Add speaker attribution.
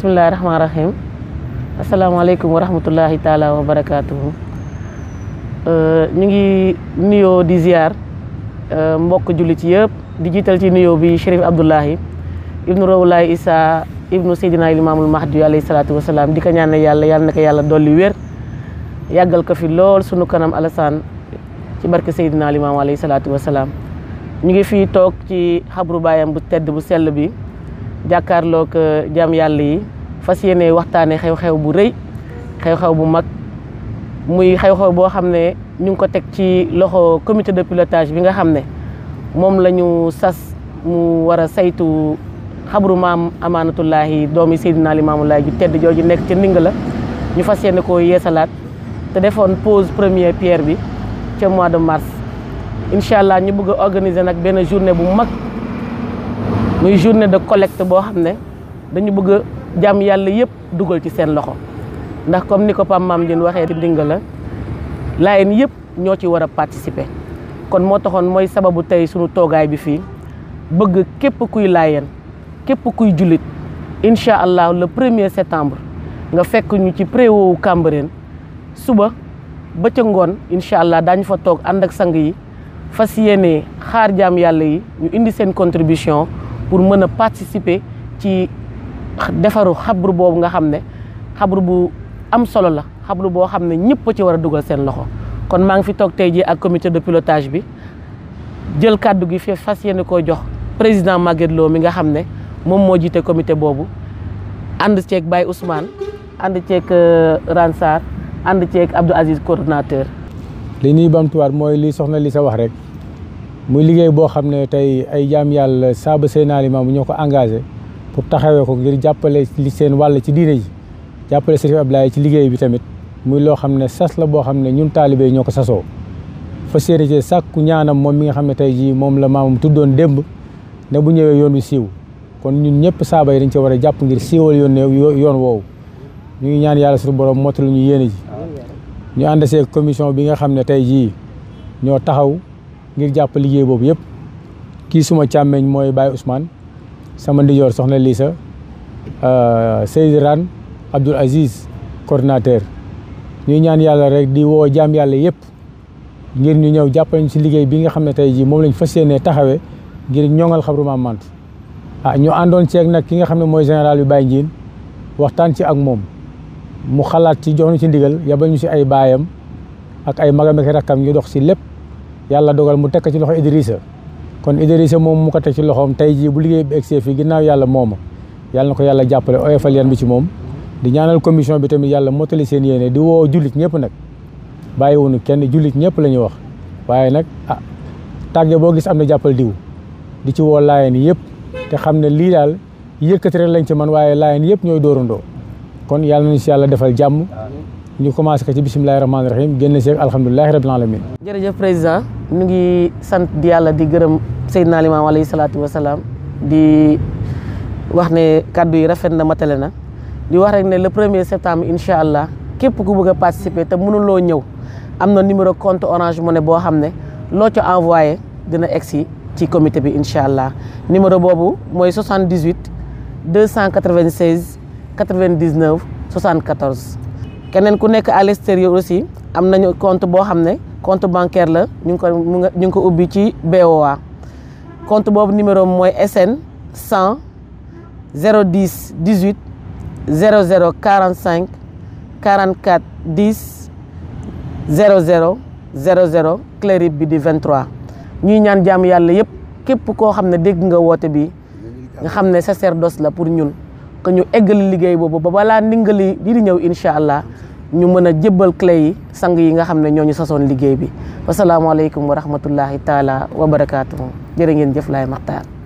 Speaker 1: bisimilah rahmaani rahiim asalaamaaleykum wa rahmatullahi taala wa barakaatuhu euh, ñu ngi nuyoo di ziar euh, mbokk jullit yëpp di jiital ci nuyoo bi Chérif Abdoulahi ibnu Rawlaay Isa ibnu Seydina Limaamul Mahdi alayhi salaatu wa salaam di ko ñaan yàlla yàlla na ko yàlla dolli wér yàggal ko fi lool sunu kanam alasaan ci barke Seydina Limaam alayhi salaatu wa salaam ñu ngi fi toog ci xabru baayam bu tedd bu sell bi. jàkkaarloog euh, jaam yàlla yi fas yéene waxtaane xew-xew bu rëy xew-xew bu mag muy xew-xew boo xam ne ñu ngi ko teg ci loxo comité de pilotage bi nga xam ne moom la ñu sas mu war a saytu xabru maam amaanatullaahi doomi Seydina Limaamu Laay ju tedd jooju nekk ca nding la ñu fas yéene ko yeesalaat te defoon pose première pierre bi ca mois de mars incha allah ñu bëgg a nag benn journée bu mag muy journée de collecte boo xam ne dañu bëgg a jàmm yàlla yëpp dugal ci seen loxo ndax comme ni ko Pam Maam Dieng waxee ci ndinga la laayeen yëpp ñoo ci war participer kon moo taxoon mooy sababu tey sunu toogaay bi fii bëgg képp kuy laayeen képp kuy allah le premier septembre nga fekk ñu ci préwowu Cambérène suba ba ca allah daañu fa toog ànd ak sang yi fas yéene xaar yi ñu indi sen contribution pour mën a participer ci defaru xabru boobu nga xam ne xabru bu am solo la xabru boo xam ne ñëpp a ci war a dugal seen loxo kon maa ngi fi toog tey jii ak comité de pilotage bi jël kàddu gi fi fas yéene ko jox président Maguette Lo mi nga xam ne moom moo jiite comité boobu ànd ceeg Baye Ousmane ànd ceeg euh, Ransar ànd ceeg Abdou Aziz
Speaker 2: coordonnateur. li ñuy bamtuwaat mooy li soxna li sa wax rek. muy liggéey boo xam ne tey ay jaam yàlla saaba seen aliment bu ñoo ko engagé pour taxawee ko ngir jàppale li seen wàll ci diine ji jàppale Sëriñ Abdoulaye ci liggéey bi tamit muy loo xam ne sas la boo xam ne ñun taalibe ñoo ko sasoo fa séenité sàkku ñaanam moom mi nga xam ne tey jii moom la maamam tuddoon démb ne bu ñëwee yoon wi siiw kon ñun ñëpp saaba yi dañ ci war a jàpp ngir siiwal yoon yoon woowu ñu ngi ñaan yàlla suñu borom mottalu ñu yéene ji ñu ànd see commission bi nga xam ne tey jii ñoo taxaw ngir jàpp liggéey boobu yëpp kii suma càmmeñ mooy Baye Ousmane sama ndijoor soxna Lisa euh, Seydou Ran abdul Aziz coordinateur ñuy ñaan yàlla rek di woo jaam yàlla yëpp ngir ñu ñëw jàppale ñu si liggéey bi nga xam ne tey jii moom lañ fas yéenee taxawee ngir ñoŋal xabru Maam Mante ah ñu àndoon ceeg nag ki nga xam ne général bi Baye Ndiine waxtaan ci ak mu xalaat ci ci ndigal yabal ñu si ay ak ay magam ak ñu dox yalla dogal mu tekk ci loxo Idrissa kon Idrissa moom mu ko teg ci loxoom tey jii bu liggéey bi egsee fii ginnaaw yàlla mooma yàlla na ko yàlla jàppale oyofal bi ci moom di ñaanal commission bi tamit yàlla mottali seen yéene di woo jullit ñëpp nag bàyyiwunu kenn jullit ñëpp la ñuy wax waaye nak, ah tàgge boo gis am diw di ci woo laayeen yep, te xam ne lii daal rek lañ ci man waaye laayeen yëpp ñooy kon yalla nañu si yàlla defal jàmm ñu commencé ko ci bisimilahi rahmaani rahim génn alhamdulilahi rabil alamin
Speaker 1: jërëjëf président ñu ngi sant di yàlla di gërëm Seydina Limaamu alayhi salaatu wa salaam di wax ne kàddu yi rafet na matale na di wax rek ne le premier septembre incha allah képp ku bëgg a participer te mënuloo ñëw am na numéro compte orange money boo xam ne loo ci envoyé dina egsi ci comité bi incha allah numéro boobu mooy 78 296 99 74. keneen ku nekk à l'extérieur aussi am nañu compte boo xam ne. compte bancaire la ñu ngi ko ñu ngi ko ubbi ci BOA compte boobu numéro mooy SN 100 010 18 00 45 44 10 00 00 clérib bi di 23 ñuy ñaan jàmm yàlla yëpp képp koo xam ne dégg nga woote bi nga xam ne sacerdoce la pour ñun que ñu eggali liggéey boobu ba balaa ndingali di di ñëw incha allah ñu mën a jébbal clé yi sang yi nga xam ne ñoo ñu sasoon liggéey bi wasalaamaaleykum wa rahmatullahi taala wa barakaatuhu jërë ngeen jëf laay maxtaar